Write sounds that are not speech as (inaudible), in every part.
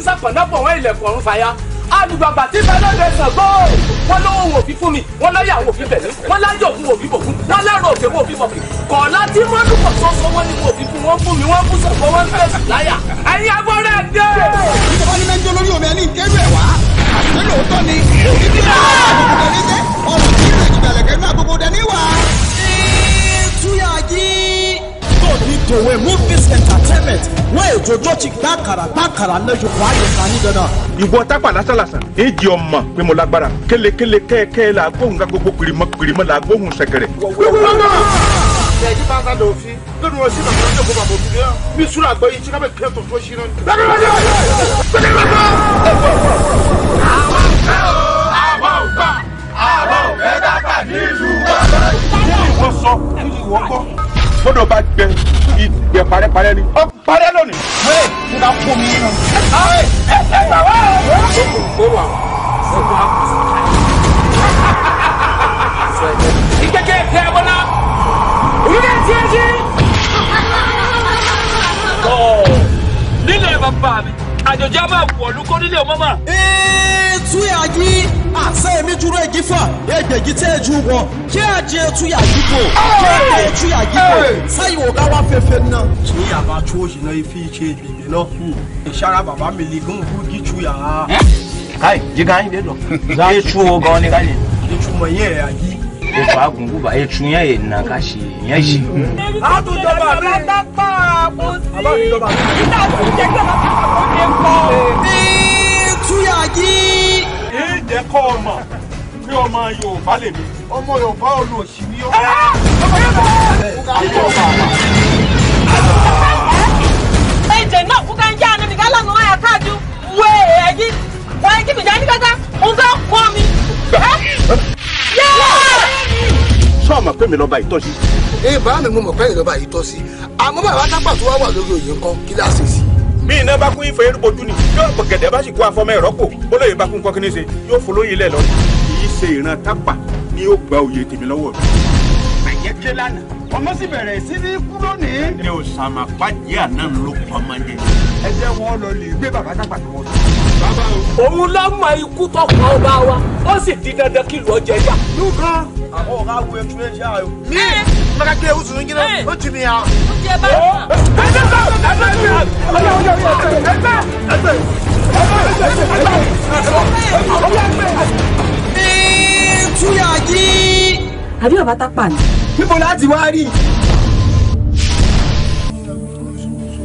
ní sàpọ̀nà pọ̀ wọ́n ilẹ̀kùn ọ̀run fàyà alùgbàgbà tí fẹ́ lóde Ṣàngó wọn lówó wò fi fún mi wọn láyà wò fi bẹ̀mí wọn láyà òkú wò fi bòkú wọn lẹ́rọ òkè wò fi bọ̀kì kọ̀ọ̀lá tí wọ́n lùkọ̀ sọ́sọ́ wọn ni wò fi fún wọn fún mi wọn fún Ṣàngó wọn fẹ́ láyà ẹ̀yin abọ́rẹ́ dé. ìjọba ní mẹ́jọ lórí omi ẹni ìkẹ́rù ẹ̀ wá. to remove this entertainment wey òjòjò ti gbàkàrà gbàkàrà lẹ́yìn wàá yẹ ká nídọ̀ náà. ìwọ tápà lásánlàsàn èjì ọmọ pé mo lágbára kélekele kẹ́ẹ̀kẹ́ la gbóhùn ká gbogbo pìrìmọ pìrìmọ la gbóhùn sẹ̀kẹ̀rẹ̀. Bẹ́ẹ̀ni bá dá! yìí gbẹ parẹ́parẹ́ ni ó parẹ́ lónìí. ẹ ẹ ká kó mi yín lọ. ẹ ẹ gbà wá. ó wà ó kó a kù. ìkẹkẹ tẹ ẹ bọlá ìkẹkẹ tí ẹ ṣe. (laughs) ọ nílẹ̀ bàbá mi àjọjá máa wọ̀lú kó nílẹ̀ ọmọ mà. ètò ìyàjí gifa egbe gite eju wɔ kí adi etu ya yibo kí adi etu ya yibo sẹ́yìn ọ̀gá wa fẹ́fẹ́ náà. ní yàrá tó yìí náà ifi ṣe ìgbìmí náà ìṣara bàbá mi lè gún kú gíjú yàrá. Eh? káì jíga yín dé lọ. etu wo gan ni káyè. etu mọ yẹn ẹ ayi. etu agun buba etu yẹn yẹn nà ká ṣe yẹn ṣe. a tún jọba mi. bàbá bá mi jọba mi. títà tún jẹ́ kí ọba tó kọ́ ọ́ dé kọ́. etu yà yí. ìjẹ́kọ̀ e ọmọ èmi ọmọ yorùbá lèmi. ọmọ yorùbá olú òsì ni ó. ẹ̀jẹ̀ náà kúkà ń yá àná nìkan lọ́nà ọ̀yà káàdù wé ẹ̀yìn wọ́n ẹ̀jẹ̀ mi dání kọ́tà ǹgọ́ kọ́ mi. sọ ma pé mi lọ́ba ìtọ́sí. ẹ bá mi mú mọ̀ pé mi lọ́ba ìtọ́sí àmọ́ bàbá tápà tó wá wà lórí òye nǹkan kí láà ṣe sí bí iná bá kún ìfẹ́ ojú ni yóò gẹ̀dẹ̀ bá sì kó afọ́mọ́ ẹ̀rọ́pò bólóyè bá kún kọ́kínní ṣe yóò folóyè lẹ̀ lọ ṣe ìran tápà ni ó gba òye tèmi lọ́wọ́ mi. àyẹ̀ ké lánàá ọmọ sì bẹ̀rẹ̀ sí ní kú lónìí. ẹ ò sàmà pàdé àná ló pa ọmọ yẹn. ẹ wọn lọ lè gbé bàbá tápà tó wọn. bàbá o. òun ló mọ ikú tó ọba wa ó sì di dandan kí lọ jẹ yá. lùkọ́ àwọn ọ̀gá wo ẹtú ẹ ṣáà o. mi ẹ mọ̀ká kí ewu àbí Ọbàtálá ni. níbo láti wá rí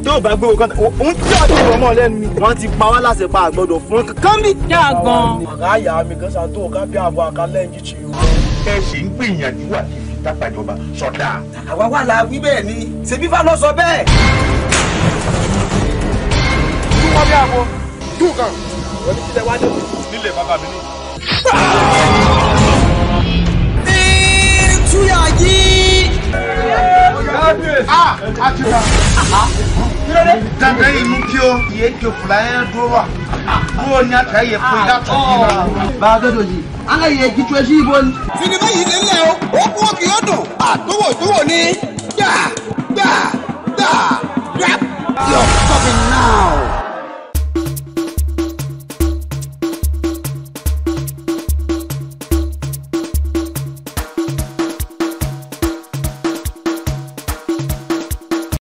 tó bá gbé wo kan òun tí a ti rọ̀ mọ́ lẹ́nu mi. wọ́n ti pa wá láṣẹ pa àgbọ̀dọ̀ fún kankan mi. yá gan. àgá ìyá mi kan ṣàtò ọ̀gá bí àbọ̀ àkálẹ̀ ń jíjì o. ẹ ṣe ń gbìyànjú wà kí fi tápàjọba sọdá. àwa wà la wí bẹ́ẹ̀ ni ṣèbí fa lọ sọ bẹ́ẹ̀. dúpọ̀ bí àbọ̀ dùn kan wọ́n ti tilẹ̀ wá dé bàbá mi ní. akita kílódé. dandan yìí mú kí o yé ke fila yẹn dúró wa dúró ní ata yẹ fún yìí látọ̀ yìí la. bàgẹ́dọ̀ yìí an ka yẹ jitúwẹ́ sí ibo ni. sinimá yìí ti ń o ó kú òkè yóò dùn àtúwò túwò ni gbà gbà gbà.